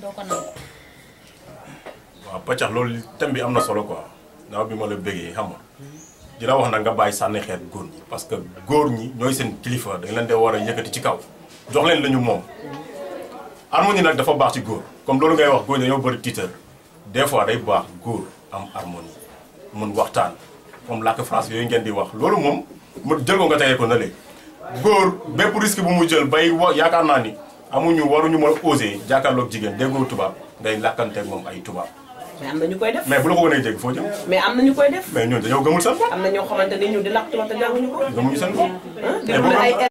doo ko nangu waaw paccax loolu na solo quoi daaw bi ma la bëggee xam nga di la wax nag nga bàyyi sànni xeet góor ñi parce que góor ñi ñooy seen kilifa dañ leen dee war a ci kaw jox leen la harmonie dafa baax ci góor comme loolu ngay wax góor dañoo bëri tiitër des fois day baax am harmonie mun waxtaan comme làkk France yooyu ngeen di wax loolu moom mu jël ko nga tegee ko na léegi góor risque bu mu jël bay wa yaakaar naa ni amuñu ñu mën a osé jàkkaarloog jigéen déggoo tubaab ngay làkkanteeg moom ay tubaab. mais am na ñu koy def mais bu la ko wanee dégg foo jëm. mais am na ñu koy def. mais ñooñu dañoo gëmul seen am na ñoo xamante ne ñun di làkk tubaab te jànguñu ko. gëmuñu seen bopp. Ah,